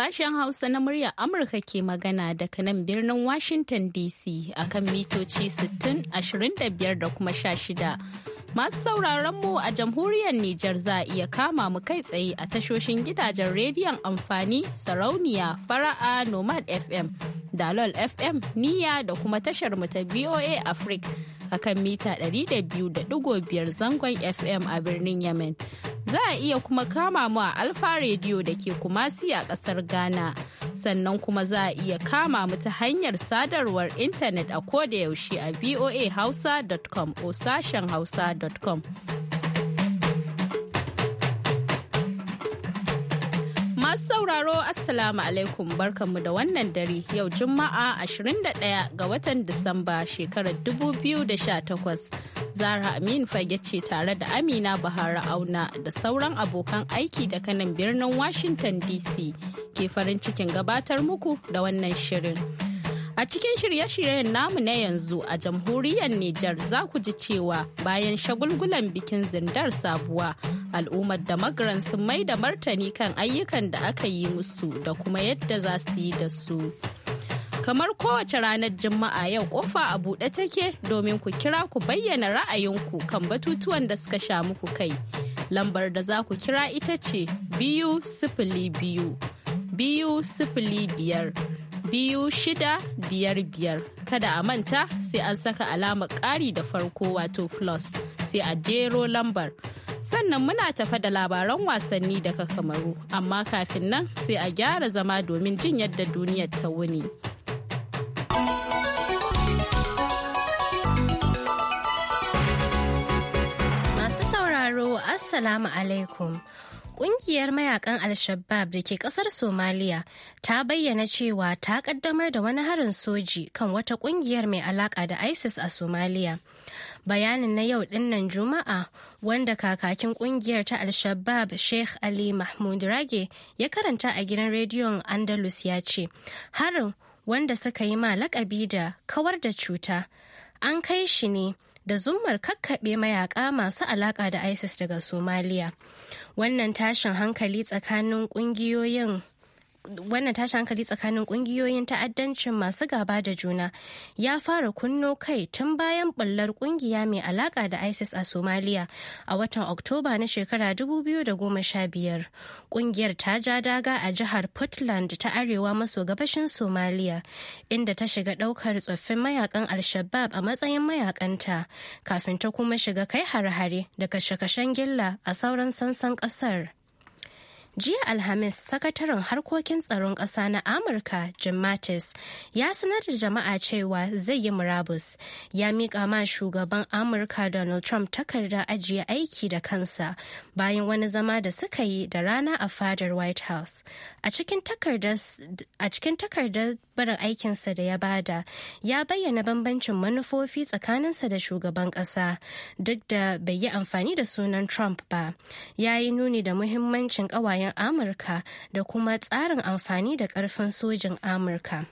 Sashen Hausa na muryar Amurka ke magana daga nan birnin Washington DC a akan mitoci 60, 25 da kuma sha shida Masu sauraron mu a jamhuriyar Nijar za a iya kama mu kai tsaye a tashoshin gidajen rediyon amfani sarauniya fara'a Nomad FM, Dalol FM, Niya da kuma tashar mu ta VOA Africa akan mita 200.5 zangon FM a birnin Yemen. Za a iya kuma kama mu a Alfa rediyo da ke Kumasi a ƙasar Ghana. Sannan kuma za a iya kama mu ta hanyar sadarwar intanet a koda yaushe a voahausa.com o sashen hausa.com. Masu sauraro Assalamu alaikum barkanmu da wannan dare yau Juma'a 21 ga watan Disamba shekarar 2018. Zara Amin fage ce tare da Amina Bahara Auna da sauran abokan aiki da kanan birnin Washington DC ke farin cikin gabatar muku da wannan shirin. A cikin shirye-shiryen namu na yanzu a jamhuriyar Nijar za ku ji cewa bayan shagulgulan bikin zindar sabuwa, al'ummar da sun mai da martani kan ayyukan da aka yi musu da kuma yadda za su yi da su. Kamar kowace ranar Juma'a yau kofa a buɗe take domin ku kira ku bayyana ra'ayinku kan batutuwan da suka sha muku kai. Lambar da za ku kira ita ce biyu sifili biyu, biyu sifili biyar. biyu shida biyar biyar kada a manta sai an saka alama ƙari da farko wato plus sai a jero lambar sannan muna tafa da labaran wasanni daga kamaru amma kafin nan sai a gyara zama domin jin yadda duniyar ta wuni masu sauraro assalamu alaikum Ƙungiyar mayakan Al-Shabaab da ke ƙasar Somaliya ta bayyana cewa ta ƙaddamar da wani harin soji kan wata ƙungiyar mai alaƙa da ISIS a Somaliya. Bayanin na yau dinnan Juma'a wanda kakakin ƙungiyar ta Al-Shabaab Sheikh Ali Mahmud Rage ya karanta a gidan rediyon Andalus ya ce, harin wanda suka yi ma lakabi da kawar da cuta an kai shi ne. da zummar kakkaɓe mayaka masu alaƙa da isis daga somaliya wannan tashin hankali tsakanin ƙungiyoyin wannan tashi hankali tsakanin kungiyoyin ta'addancin masu gaba da juna ya fara kunno kai tun bayan ɓallar kungiya mai alaka da isis a somalia a watan oktoba na shekara 2015 kungiyar ta ja daga a jihar puntland ta arewa maso gabashin somalia inda ta shiga ɗaukar tsoffin mayakan al-shabab a matsayin mayakanta kafin ta kuma shiga kai hare-hare da kashe-kashen gilla a sauran sansan ƙasar. jiya alhamis sakataren harkokin tsaron ƙasa na amurka jim mattis ya sanar da jama'a cewa zai yi murabus ya miƙa ma shugaban amurka donald trump takarda ajiye aiki da kansa bayan wani zama da suka yi da rana a fadar white house a cikin takardar barin aikinsa da ya bada ya bayyana bambancin manufofi tsakaninsa da shugaban ƙasa duk da bai yi amfani da sunan trump ba ya yi nuni da muhimmancin ƙawayen sojojin amurka da kuma tsarin amfani da karfin sojin amurka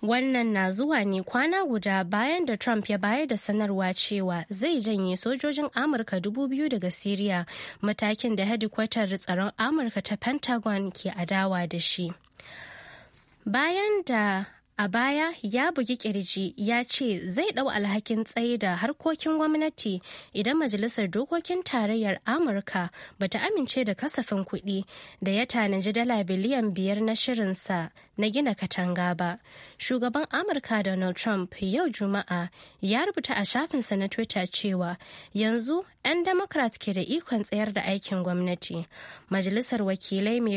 Wannan na zuwa ne kwana guda bayan da Trump ya bayar da sanarwa cewa zai janye sojojin Amurka dubu biyu daga Siriya matakin da hedikwatar tsaron Amurka ta Pentagon ke adawa da shi. Bayan da a baya ya bugi kirji ya ce zai ɗau alhakin tsaye da harkokin gwamnati idan majalisar dokokin tarayyar amurka ba ta amince da kasafin kuɗi da ya tanaji dala biliyan biyar na shirinsa na gina katanga ba shugaban amurka donald trump yau juma'a ya rubuta a shafinsa na twitter cewa yanzu 'yan democrat ke da ikon tsayar da aikin gwamnati majalisar wakilai mai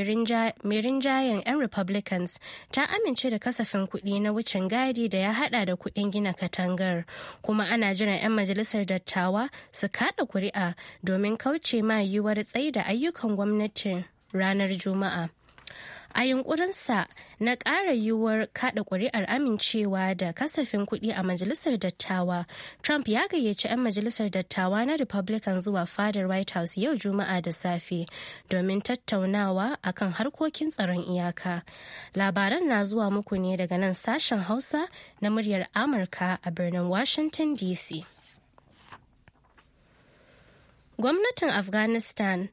rinjayen 'yan republicans ta amince da kasafin kuɗi kuɗi na wucin gadi da ya haɗa da kuɗin gina katangar kuma ana jiran 'yan majalisar dattawa su kaɗa kuri'a domin kauce ma yiwuwar tsaida ayyukan gwamnatin ranar juma'a. a yunkurinsa na ƙara yiwuwar kada ƙuri'ar amincewa da kasafin kuɗi a majalisar dattawa trump ya gayyaci 'yan majalisar dattawa na republican zuwa fadar white house yau juma'a da safe domin tattaunawa akan harkokin tsaron iyaka labaran na zuwa muku ne daga nan sashen hausa na muryar amurka a birnin washington dc gwamnatin afghanistan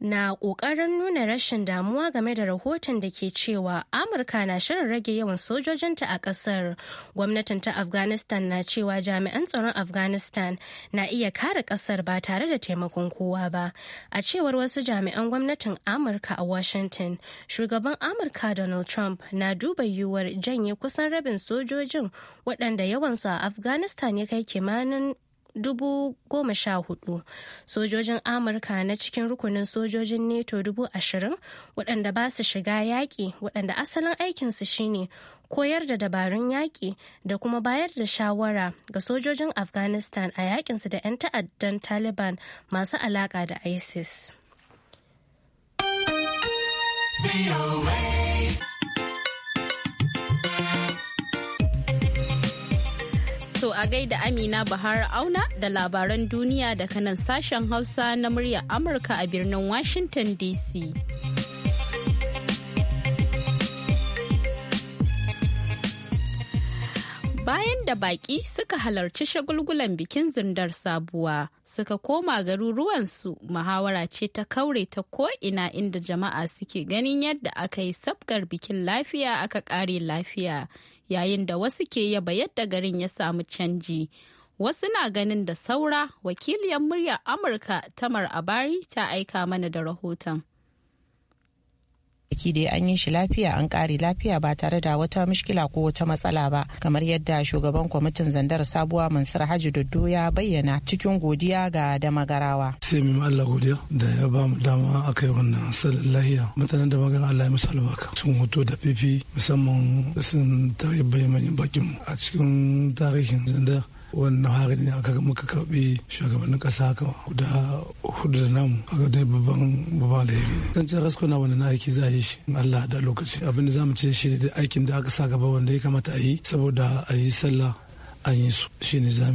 na ƙoƙarin nuna rashin damuwa game da rahoton da ke cewa amurka na shirin rage yawan sojojinta a ƙasar gwamnatin ta afghanistan na cewa jami'an tsaron afghanistan na iya kare ƙasar ba tare da taimakon kowa ba a cewar wasu jami'an gwamnatin amurka a washington shugaban amurka donald trump na duba yiwuwar janye kusan rabin sojojin waɗanda yawansu a afghanistan ya kai kimanin dubu goma sha hudu sojojin amurka na cikin rukunin sojojin neto dubu ashirin waɗanda ba su shiga yaƙi waɗanda asalin aikinsu shine koyar da dabarun yaƙi da kuma bayar da shawara ga sojojin afghanistan a yaƙinsu da 'yan ta'addan taliban masu alaƙa da isis. a gaida Amina Bahar Auna da labaran duniya daga nan sashen Hausa na muryar Amurka a birnin Washington DC. bayan da baƙi suka halarci shagulgulan bikin zindar sabuwa suka koma garuruwansu muhawara ce ta kaure ta ko'ina inda jama'a suke ganin yadda aka yi sabgar bikin lafiya aka ƙare lafiya yayin da wasu ke yaba yadda garin ya samu canji. Wasu na ganin da saura wakiliyar muryar Amurka Tamar Abari ta aika mana da rahoton. aki dai an yi shi lafiya an kare lafiya ba tare da wata mushkila ko wata matsala ba kamar yadda shugaban kwamitin zandar sabuwa Mansur Haji Doddo ya bayyana cikin godiya ga damagarawa. Sai mu Allah godiya da ya ba mu dama akai wannan sallar lahiya mutanen da magana Allah ya musu albarka sun hoto da fifi musamman sun tare bayyana bakin a cikin tarihin zandar wannan harin ne aka muka karbi shugabannin kasa haka guda hudu da namu haka dai babban babban alheri ne ce rasko na wannan aiki za a yi shi Allah da lokaci abinda zamu ce shi da aikin da aka sa gaba wanda ya kamata a yi saboda a yi sallah an yi su shine za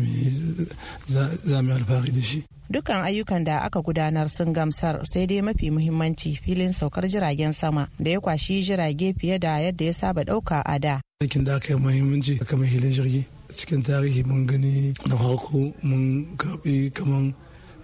mu alfahari da shi dukkan ayyukan da aka gudanar sun gamsar sai dai mafi muhimmanci filin saukar jiragen sama da ya kwashi jirage fiye da yadda ya saba dauka a da aikin da aka yi muhimmanci kamar hilin jirgi cikin tarihi mun gani na farko mun karbi kamar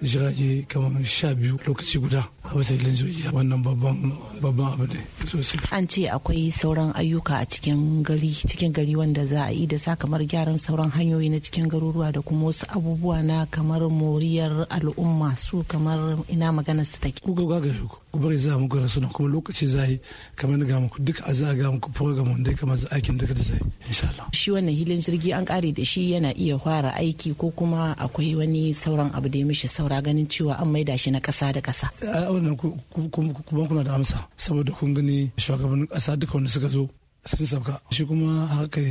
jirage kamar sha biyu lokaci guda a bisa soji wannan babban babban abu ne sosai an ce akwai sauran ayyuka a cikin gari cikin gari wanda za a yi da sa kamar gyaran sauran hanyoyi na cikin garuruwa da kuma wasu abubuwa na kamar moriyar al'umma su kamar ina magana su take ku ga gari ku ku bari za mu gwara suna kuma lokaci za yi kamar ga muku duk a za ga muku program wanda ya kamar aikin duka da zai insha Allah shi wannan hilin jirgi an kare da shi yana iya fara aiki ko kuma akwai wani sauran abu da ya mishi saura ganin cewa an maida shi na kasa da kasa a wannan kuma kuna da amsa saboda kun gani shugabannin kasa duka wanda suka zo sun sabka shi kuma haka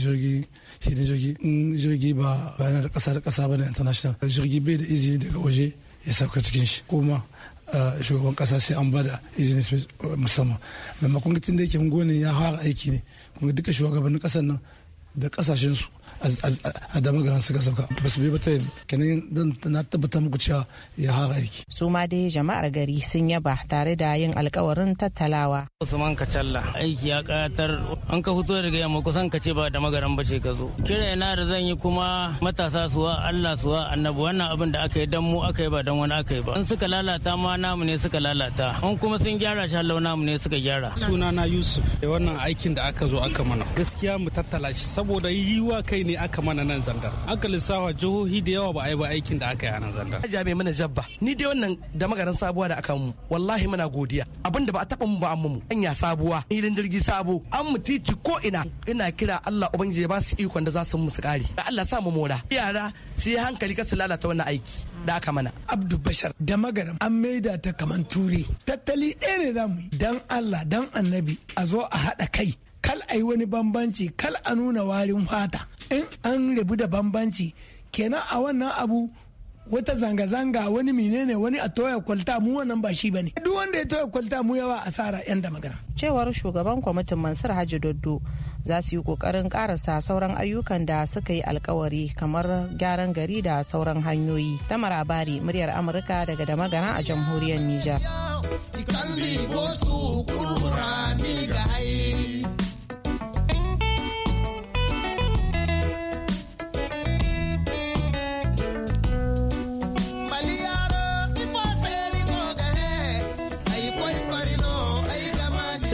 jirgi hilin jirgi in jirgi ba yana da kasa da kasa ba na international jirgi bai da izini daga waje ya sauka cikin shi kuma shugaban kasa sai an bada izini musamman maimakon tun da yake ya fara aiki ne kuma duka shugabannin kasan nan da kasashen su a dama ga suka sauka ba su bi ba ta kenan na tabbatar muku cewa ya haka aiki. su ma dai jama'ar gari sun yaba tare da yin alkawarin tattalawa. usman Kacala. aiki ya kayatar an ka fito daga yamma kusan ka ce ba da magaran ba ce ka zo kira yana da zan yi kuma matasa suwa allah suwa annabi wannan abin da aka yi dan mu aka yi ba dan wani aka yi ba An suka lalata ma namu ne suka lalata an kuma sun gyara shi hallau namu ne suka gyara. sunana yusuf wannan aikin da aka zo aka mana gaskiya mu tattala shi saboda yiwa kai ne ne aka mana nan zandar aka lissafa jihohi da yawa ba a yi ba aikin da aka yi a nan zandar jami mana jabba ni dai wannan da magaran sabuwa da aka mu wallahi muna godiya abinda ba a taba mu ba an mu anya sabuwa dan jirgi sabo an mu titi ko ina ina kira Allah ubangiji ya ba su ikon da za su musu kare Allah sa mu mora yara su yi hankali kasu lalata wannan aiki da aka mana abdu bashar da magaram an maida ta kaman ture tattali ɗaya ne mu yi dan Allah dan annabi a zo a haɗa kai kal a yi wani bambanci kal a nuna warin fata in an rabu da bambanci kenan a wannan abu wata zanga-zanga wani menene wani a toya kwalta mu wannan ba shi bane duk wanda ya toya kwalta mu yawa asara yan da magana cewar shugaban kwamitin mansur haji doddo za su yi kokarin karasa sauran ayyukan da suka yi alkawari kamar gyaran gari da sauran hanyoyi ta marabari muryar amurka daga da magana a jamhuriyar niger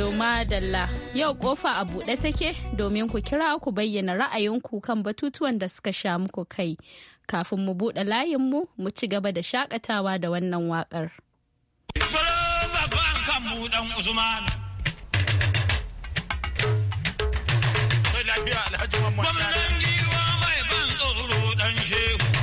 To madalla yau kofa a buɗe take domin ku kira ku bayyana ra'ayinku kan batutuwan da suka sha muku kai. Kafin mu buɗe layinmu mu ci gaba da shakatawa da wannan waƙar. Gwamnan giwa mai ban tsoro ɗan shehu.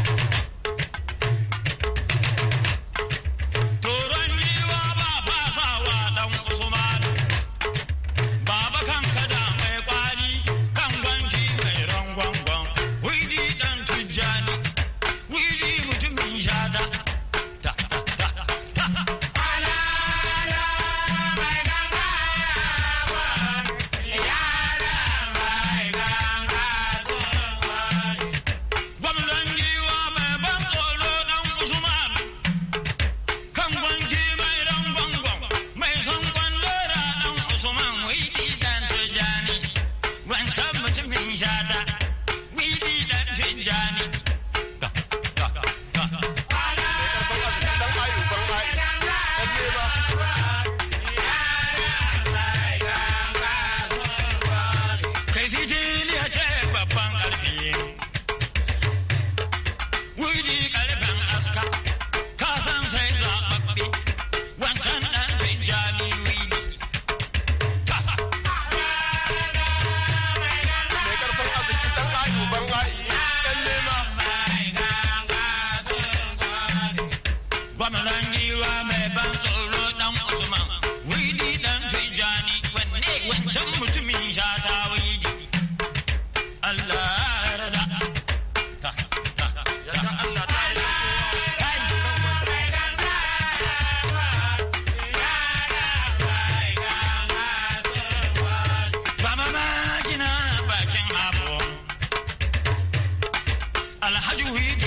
alhaji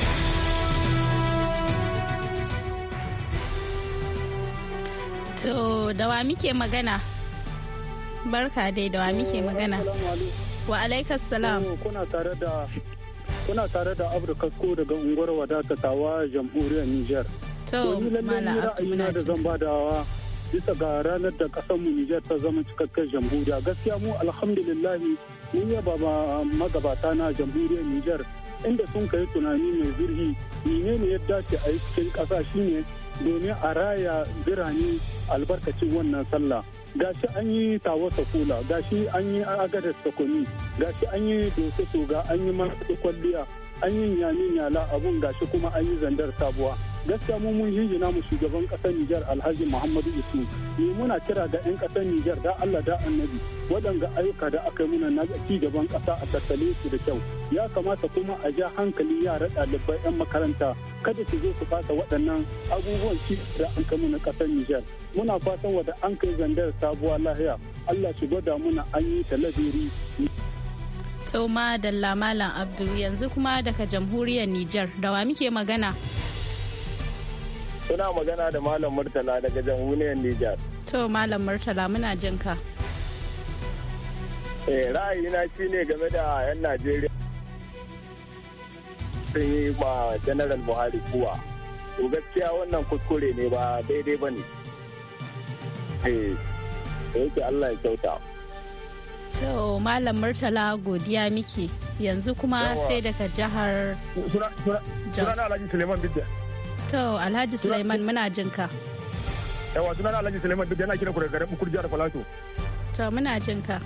da wa muke magana? Barka dai da wa muke eh, magana. Wa alaikas salam. Kuna tare da kuna daga unguwar wadatatawa jamhuriyar Nijar. To, Mala da zan badawa bisa ga ranar da kasanmu Nijar ta zama cikakkar jamhuriya. Gaskiya mu alhamdulillahi mun yaba magabata na jamhuriyar Nijar inda sun kai tunani mai zurfi ne ya dace a cikin kasa shine domin a raya birane albarkacin wannan sallah gashi an yi tawo sakula gashi an yi agadar sakoni gashi an yi dosoto ga an yi masu kwalliya an yi yamin yala abun gashi kuma an yi zandar sabuwa gaskiya mu mun jinjina mu shugaban kasar Nijar Alhaji Muhammadu Isu ni muna kira ga 'yan kasar Nijar da Allah da Annabi waɗanga ayyuka da aka muna na ci gaban ƙasa a tattale su da kyau ya kamata kuma a ja hankali yara ɗalibai 'yan makaranta kada su zo su fasa waɗannan abubuwan ci da an kai muna ƙasar Nijar muna fatan da an kai zandar sabuwa lahiya Allah shi gwada muna an yi talabiri. To da Malam abdul yanzu kuma daga jamhuriyar Nijar da wa muke magana? Suna magana da Malam Murtala daga jamhuriyar Nijar. To Malam Murtala muna jin ka. Eh ra'ayina shine game da 'yan Najeriya sun yi ma General Buhari kuwa. To gaskiya wannan kuskure ne ba daidai ba ne. Eh, yake Allah ya kyauta. To Malam Murtala godiya miki yanzu kuma sai daga jihar Jos. Alhaji Suleiman Bidda. To Alhaji Suleiman muna jin ka. Yawa sunana Alhaji Suleiman Bidda yana kira ku daga garin jihar Falato. To muna jin ka.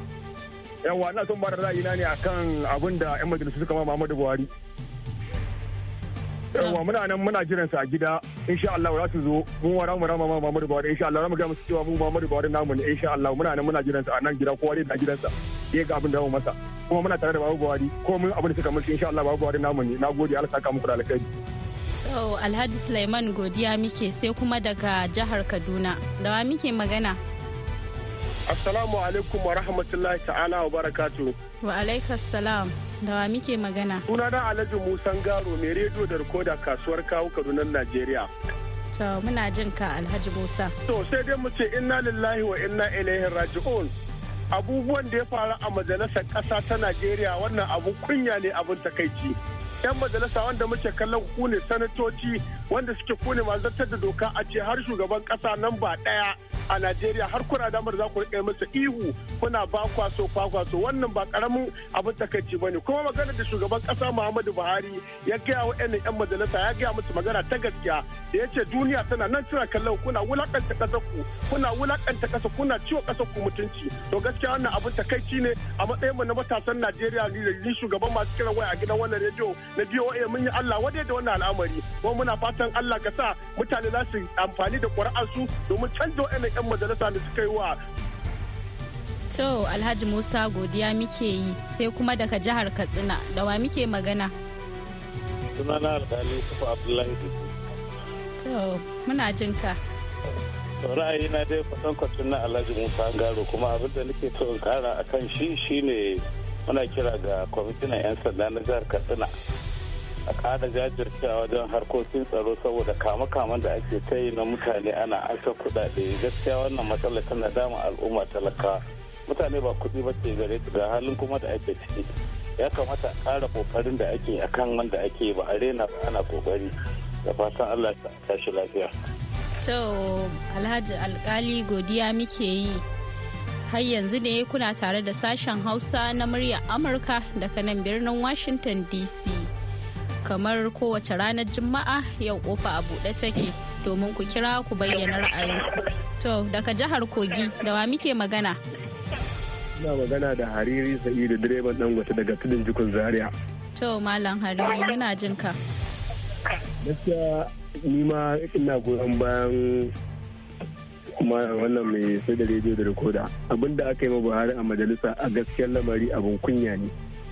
Yawa ina son ba da na ne akan abin da 'yan majalisu suka ma Muhammadu Buhari. yawwa muna nan muna jiran su a gida insha Allah za su zo mu wa ramu rama ma Muhammadu Buhari insha Allah ramu ga musu cewa mu Muhammadu Buhari namu ne insha Allah muna nan muna jiran su a nan gida wani da gidansa ya ga abin da mu masa kuma muna tare da Babu Buhari ko mun abin da suka mulki insha Allah Babu Buhari namu ne nagode Allah saka muku da alkhairi Alhaji Sulaiman godiya muke sai kuma daga jihar Kaduna da wa muke magana Assalamu alaikum wa rahmatullahi ta'ala wa barakatu. Wa alaikas salam. Da wa muke magana? Suna da Alhaji Musan Garo mai rediyo da rikoda kasuwar kawo Kaduna Najeriya. To muna jin ka Alhaji Musa. To sai dai mu ce inna lillahi wa inna ilaihi raji'un. Abubuwan da ya faru a majalisar ƙasa ta Najeriya wannan abu kunya ne abin takaici. 'yan majalisa wanda muke kallon kune ne sanatoci wanda suke ku ne zartar da doka a ce har shugaban kasa nan ba daya a Najeriya har kuna damar za ku rika masa ihu kuna ba kwaso kwaso wannan ba karamin abin takaici ba ne kuma magana da shugaban kasa Muhammadu Buhari ya gaya wa 'yan majalisa ya gaya musu magana ta gaskiya da ya ce duniya tana nan tana kallon kuna wulakanta kasa ku kuna wulakanta kasa kuna ciwo kasa ku mutunci to gaskiya wannan abin takaici ne a matsayin mu na matasan Najeriya ni shugaban masu kiran waya a gidan wannan rediyo na BOA mun yi Allah wadai da wannan al'amari kuma muna fatan Allah ka sa mutane za su amfani da su domin canza wa'annan 'yan majalisa da suka yi wa To Alhaji Musa godiya muke yi sai kuma daga jihar Katsina da wa muke magana. Sunana alƙali Sufa Abdullahi To muna jin ka. ra'ayi na dai kusan na Alhaji Musa Garo kuma abin da nake so in kara kan shi shine muna kira ga kwamitinan 'yan sanda na jihar Katsina. a ƙara jajircewa wajen harkokin tsaro saboda kama-kaman da ake ta yi na mutane ana aka kuɗaɗe gaskiya wannan matsala tana dama al'umma talaka mutane ba kuɗi ba ce gare ga halin kuma da ake ciki ya kamata a ƙara ƙoƙarin da ake a kan wanda ake ba a rena ba ana ƙoƙari da fatan allah ta tashi lafiya. to alhaji alkali godiya muke yi har yanzu ne kuna tare da sashen hausa na murya amurka daga nan birnin washington dc. kamar kowace ranar juma'a yau kofa a buɗe take domin ku kira ku bayyana ra'ayi to daga jihar kogi da wa muke magana ina magana da hariri sa'idu direban wata daga tudun jikun zaria to malam hariri muna jin ka gaskiya ni ma ina goyon bayan kuma wannan mai sai da rediyo da rikoda abinda aka yi ma buhari a majalisa a gaskiyar lamari abin kunya ne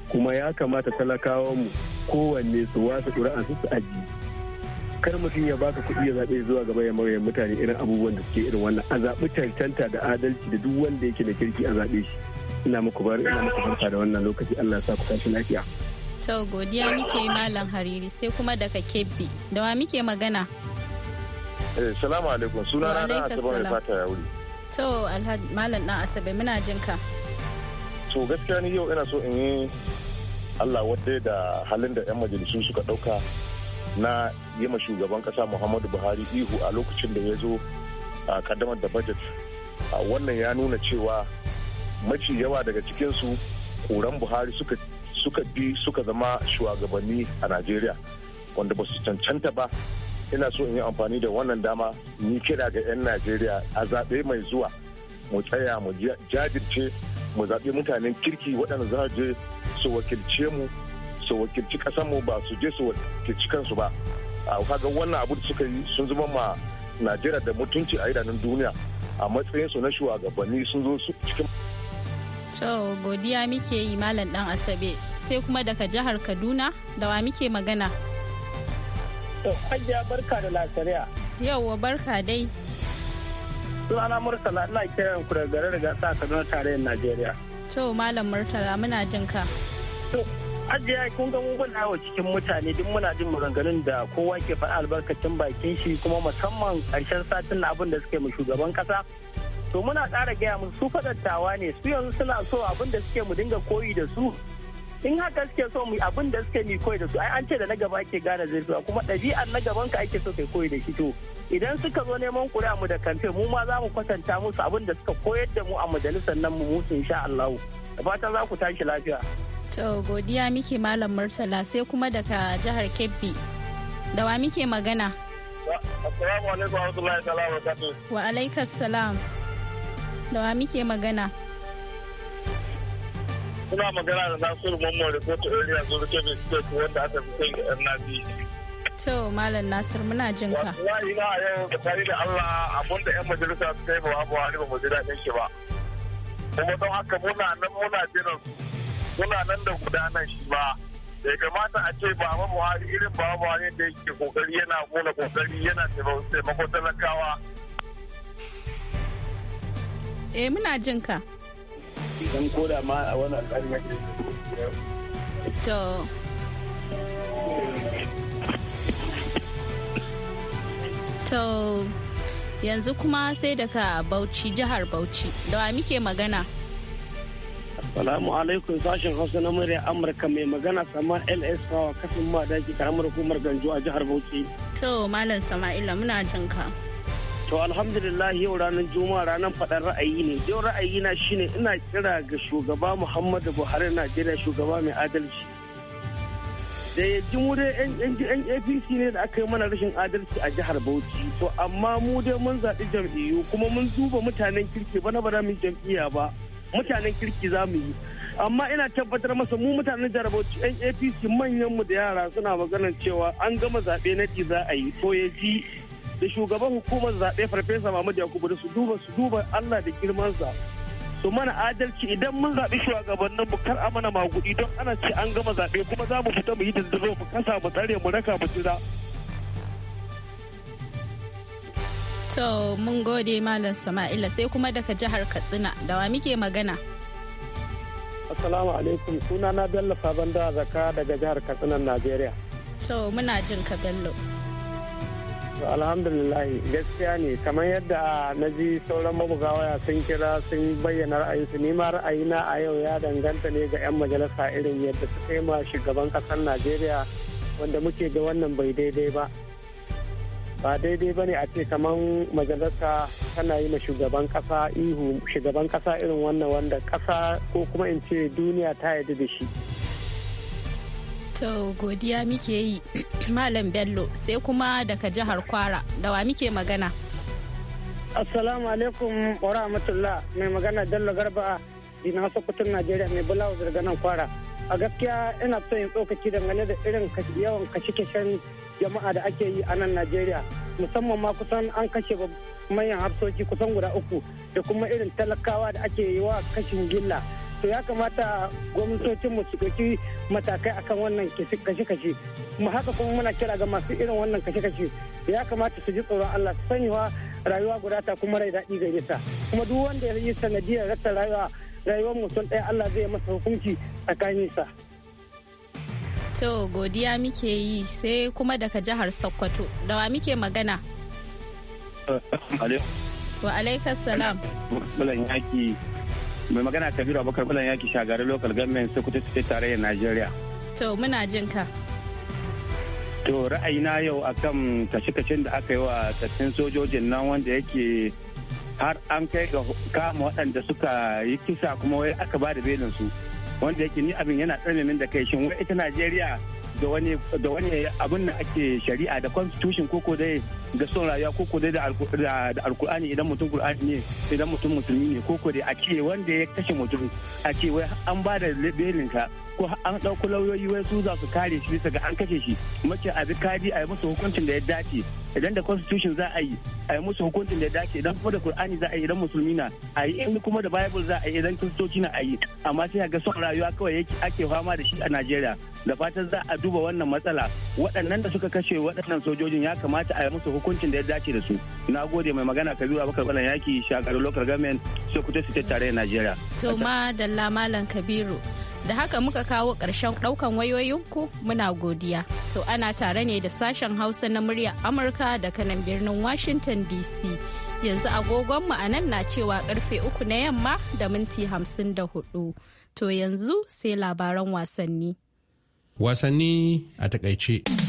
kuma ya kamata talakawanmu kowanne su wasu a su aji kar mutum ya baka kuɗi ya zaɓe zuwa gaba ya mawayar mutane irin abubuwan da suke irin wannan a zaɓi tantanta da adalci da duk wanda yake da kirki a zaɓe shi ina muku bar ina muku farka da wannan lokaci Allah ya sa ku tashi lafiya to godiya muke malam hariri sai kuma daga kebbi da wa muke magana eh salamu alaikum suna na da asaba mai fata ya wuri to alhaji malam dan asabe muna jinka to gaskiya ni yau ina so in yi allah wadda da halin da 'yan majalisu suka ɗauka na ma shugaban ƙasa muhammadu buhari ihu a lokacin da ya zo a kaddamar da budget wannan ya nuna cewa maci yawa daga cikinsu koran buhari suka bi suka zama shugabanni a najeriya wanda ba su cancanta ba ina so in yi amfani da wannan dama ni kira ga 'yan najeriya a zaɓe mai zuwa mu tsaya mu jajirce mu zaɓi mutanen kirki waɗanda za je su wakilce mu su wakilci kasan mu ba su je su wakilci kansu ba a kaga wannan abu da suka yi sun zama ma najeriya da mutunci a idanun duniya a matsayin su na shugabanni sun zo su cikin to godiya muke yi malam dan asabe sai kuma daga jihar kaduna da wa muke magana to hajiya barka da lasariya yauwa barka dai sunana murtala ina kiran ku daga garin gasa kaduna tarayyar najeriya to malam murtala muna jin ka to ajiya kun ga mun muna cikin mutane duk muna jin maganganun da kowa ke faɗa albarkacin bakin shi kuma musamman ƙarshen satin na abin da suke mu shugaban ƙasa to muna ƙara gaya mu su faɗattawa ne su yanzu suna so abin da suke mu dinga koyi da su in haka suke so mu abin da suke mu koyi da su ai an ce da na gaba ake gane zai kuma ɗabi'ar na gaban ka ake so kai koyi da shi to idan suka zo neman ƙuri'a mu da kamfe mu ma za mu kwatanta musu abin da suka koyar da mu a majalisar nan mu musu insha Allah da fatan za ku tashi lafiya To godiya muke Malam Murtala sai kuma daga jihar Kebbi. Da wa muke magana? Assalamu alaikum ta'ala wa Wa alaikas salam. Da wa muke magana? Suna magana da Nasiru Mamman Rikoto Area Zuru Kebbi State wanda aka fi sai ga NNB. To Malam Nasir muna jin ka. Wallahi na yau da tare da Allah abinda 'yan majalisa suka yi ba ba ba mu ji daɗin shi ba. Kuma don haka muna nan muna jiran su. muna nan da gudanar shi ba bai kamata a ce baba buhari irin baba buhari da yake kokari yana kona kokari yana taimakon talakawa eh muna jin ka idan koda ma a wani alƙari na to to yanzu kuma sai daga bauchi jihar bauchi da wa muke magana Salamu alaikum sashen Hausa na murya Amurka mai magana sama LS Power kafin ma daki ta Amurka hukumar Ganjo a jihar Bauchi. To Malam Sama'ila muna jin ka. To alhamdulillah yau ranar Juma'a ranar faɗar ra'ayi ne. Yau ra'ayi na shine ina kira ga shugaba Muhammadu Buhari Najeriya shugaba mai adalci. Da ya ji mu dai APC ne da aka yi mana rashin adalci a jihar Bauchi. To amma mu dai mun zaɓi jam'iyyu kuma mun duba mutanen kirki bana ba mun mu jam'iyya ba. mutanen kirki za mu yi amma ina tabbatar masa mu mutanen jarabauci yan apc manyanmu da yara suna maganar cewa an gama zaɓe na ɗi za a yi ko ya ji da shugaban hukumar zaɓe farfesa mahmud yakubu da su duba su duba allah da girmansa su mana adalci idan mun zaɓi shugabannin mu kar mana maguɗi don ana ce an gama zaɓe kuma za mu fita mu yi dindindin mu kasa mu tsare mu raka mu jira To mun gode Malam Sama'ila sai kuma daga jihar Katsina da wa muke magana. Assalamu alaikum suna na Bello Fabanda Zaka daga jihar Katsina Najeriya. To muna jin ka Bello. To alhamdulillah gaskiya ne kamar yadda na ji sauran mabuga waya sun kira sun bayyana ra'ayinsu ni ma na a yau ya danganta ne ga 'yan majalisa irin yadda suka yi ma shugaban ƙasar Najeriya wanda muke ga wannan bai daidai ba. ba daidai ba ne a ce kamar majalisa tana yi ma shugaban kasa ihu shugaban kasa irin wannan wanda kasa ko kuma in ce duniya ta yarda da shi to godiya muke yi malam bello sai kuma daga jihar kwara da wa muke magana assalamu alaikum wa rahmatullah mai magana dallo garba dina sokoton najeriya mai bulawa zirganan kwara a gaskiya ina son yin tsokaci dangane da irin yawan kashe-kashen jama'a da ake yi a nan najeriya musamman ma kusan an kashe manyan hafsoci kusan guda uku da kuma irin talakawa da ake yi wa kashin gilla to ya kamata gwamnatocinmu su ɗauki matakai akan wannan kashe-kashe mu haka kuma muna kira ga masu irin wannan kashe-kashe ya kamata su ji tsoron allah su wa rayuwa guda ta kuma rai daɗi gare ta kuma duk wanda ya yi sanadiyar rasa rayuwa rayuwar mutum ɗaya Allah zai masa hukunci tsakaninsa. To godiya muke yi sai kuma daga jihar Sokoto da wa muke magana. Wa alaikas salam. Bulan yaki mai magana Kabiru Abubakar bulan yaki shagari local government Sokoto State tarayyar Najeriya. To muna jin ka. To ra'ayina yau akan kashe-kashen da aka yi wa sojojin nan wanda yake har an kai ga kama waɗanda suka yi kisa kuma wai aka ba da belin su wanda yake ni abin yana tsananin da kai shin wai ita Najeriya da wani da wani abin da ake shari'a da constitution ko ko dai da son rayuwa ko dai da alkur'ani idan mutum kur'ani ne idan mutum musulmi ne ko ko dai a ce wanda ya kashe mutum a ce wai an ba da belin ka ko an ɗauko lauyoyi wai su za su kare shi bisa ga an kashe shi mace a bi kadi a yi musu hukuncin da ya dace idan da constitution za a yi a yi musu hukuncin da dace idan kuma da qur'ani za a yi idan musulmi na a yi in kuma da bible za a yi idan kristoci na a yi amma sai ga son rayuwa kawai yake ake fama da shi a najeriya da fatan za a duba wannan matsala waɗannan da suka kashe waɗannan sojojin ya kamata a yi musu hukuncin da ya dace da su na gode mai magana kabiru abubakar kwallon yaki shagaru local government sokoto state tare najeriya to ma da lamalan kabiru da haka muka kawo ƙarshen ɗaukan wayoyinku muna godiya to ana tare ne da sashen hausa na murya amurka da kanan birnin washington dc yanzu agogonmu a nan na cewa karfe uku na yamma da minti hamsin da hudu to yanzu sai labaran wasanni wasanni a takaice.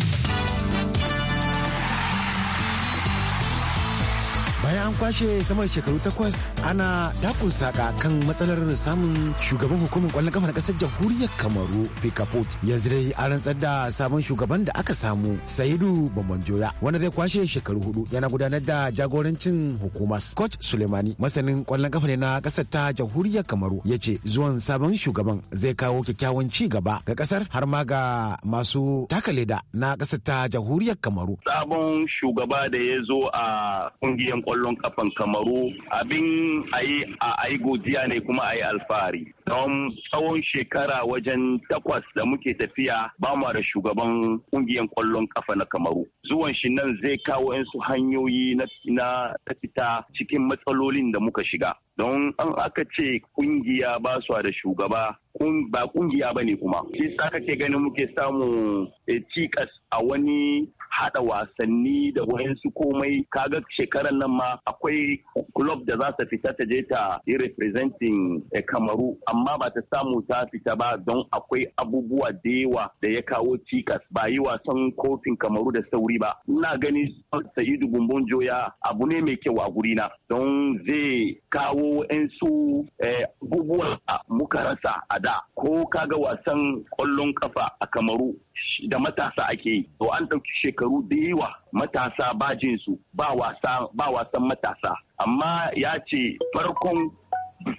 bayan an kwashe sama shekaru takwas ana takun saka kan matsalar samun shugaban hukumar kwallon kafa na kasar jamhuriyar kamaru pikapot yanzu dai a rantsar da sabon shugaban da aka samu saidu bambanjoya wanda zai kwashe shekaru hudu yana gudanar da jagorancin hukumar scott sulemani masanin kwallon kafa ne na kasar ta jamhuriyar kamaru ya ce zuwan sabon shugaban zai kawo kyakkyawan ci gaba ga kasar har ma ga masu taka leda na kasar ta jamhuriyar kamaru sabon shugaba da ya zo a kungiyar kwallon kafan kamaru abin a yi godiya ne kuma a yi alfahari don tsawon shekara wajen takwas da muke tafiya ba mu da shugaban kungiyar kwallon kafa na kamaru zuwan shi nan zai kawo su hanyoyi na tafita cikin matsalolin da muka shiga don an aka ce kungiya ba su da shugaba ba kungiya bane kuma shi sa kake ganin muke samu eh, cikas a wani hada wasanni da wayansu komai kaga shekarar nan ma akwai club da za ta fita ta je ta yi representing eh, kamaru amma ba ta samu ta fita ba don akwai abubuwa da yawa da ya kawo cikas ba yi wasan kofin kamaru da sauri ba ina gani sa'idu bumbun joya abu ne mai kyau a guri na? don zai kawo yansu eh, abubuwa muka rasa a da ko kaga wasan kwallon kafa a kamaru da matasa ake yi to an ɗauki shekaru da yawa matasa ba jinsu ba wasan matasa amma ya ce farkon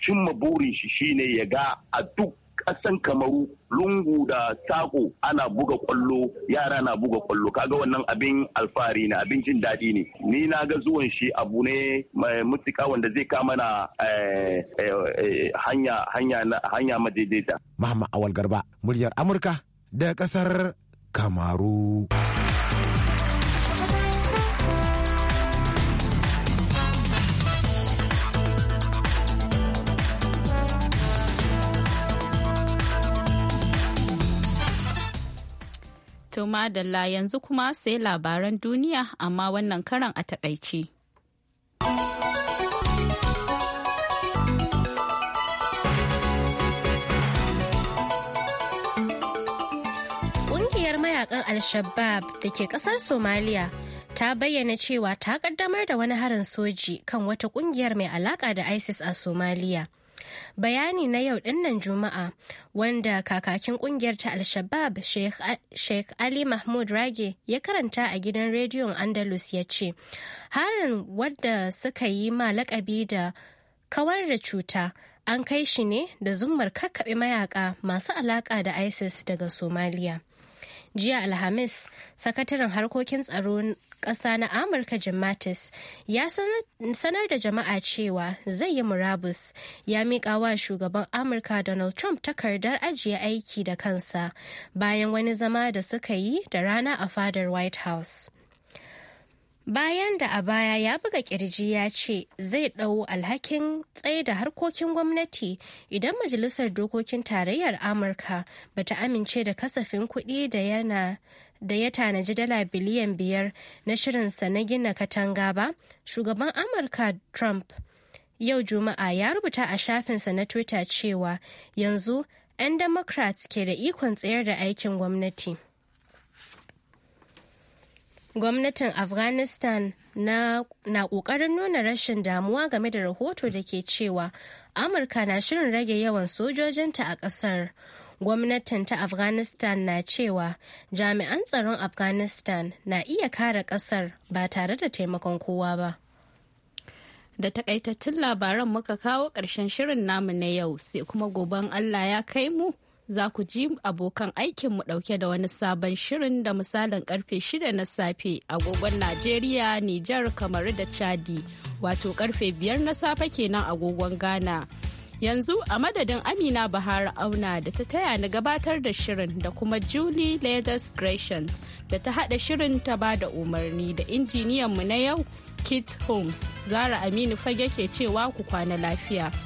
cin burin shi shine ya ga a duk ƙasan kamaru lungu da sako ana buga kwallo yara na buga kwallo kaga wannan abin alfahari ne abin jin daɗi ne ni na ga zuwan shi abu ne mai mutuka wanda zai kama eh, eh, eh, na hanya hanya hanya madaidaita Muhammad Awal Garba muryar Amurka da kasar kamaru To madalla yanzu kuma sai labaran duniya amma wannan karan a takaici. mayakan al-shabab da ke kasar somalia ta bayyana cewa ta kaddamar da wani harin soji kan wata kungiyar mai alaka da isis a somalia bayani na yau dinnan juma'a wanda kakakin kungiyar ta al-shabab sheikh ali mahmud rage ya karanta a gidan rediyon andalus ya ce harin wadda suka yi ma lakabi da kawar da cuta an kai shi ne da zumar kakkaɓe mayaka masu alaka da isis daga somaliya jiya alhamis sakataren harkokin tsaro ƙasa na amurka jim mattis ya sanar da jama'a cewa zai yi murabus ya miƙa wa shugaban amurka donald trump takardar ajiye aiki da kansa bayan wani zama da suka yi da rana a fadar white house bayan da a baya ya buga kirji ya ce zai ɗau alhakin tsaye da harkokin gwamnati idan majalisar dokokin tarayyar amurka ba ta amince da kasafin kuɗi da yana da ya tanaji dala biliyan biyar na shirinsa na gina katanga ba shugaban amurka trump yau juma'a ya rubuta a shafinsa na twitter cewa yanzu 'yan democrats ke da ikon tsayar da aikin gwamnati gwamnatin afghanistan na ƙoƙarin nuna rashin damuwa game da rahoto da ke cewa amurka na shirin rage yawan sojojinta a ƙasar gwamnatin ta afghanistan na cewa jami'an tsaron afghanistan na iya kare ƙasar ba tare da taimakon kowa ba da takaitattun labaran muka kawo ƙarshen shirin namu na yau sai kuma goben allah ya kai mu za ku ji abokan aikinmu ɗauke da wani sabon shirin da misalin karfe shida na safe agogon Najeriya, Nijar, Kamaru da Chadi, wato karfe biyar na safe kenan agogon Ghana. Yanzu a madadin Amina Bahar Auna da ta taya ni gabatar da shirin da kuma Julie Leathers Gratians da ta haɗa shirin ta ba da umarni da injiniyan mu na yau Kit Holmes. Zara Aminu fage ke cewa ku kwana lafiya.